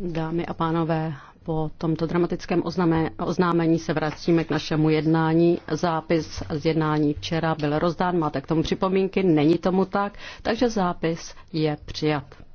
Dámy a pánové, po tomto dramatickém oznámení se vracíme k našemu jednání. Zápis z jednání včera byl rozdán. Máte k tomu připomínky? Není tomu tak, takže zápis je přijat.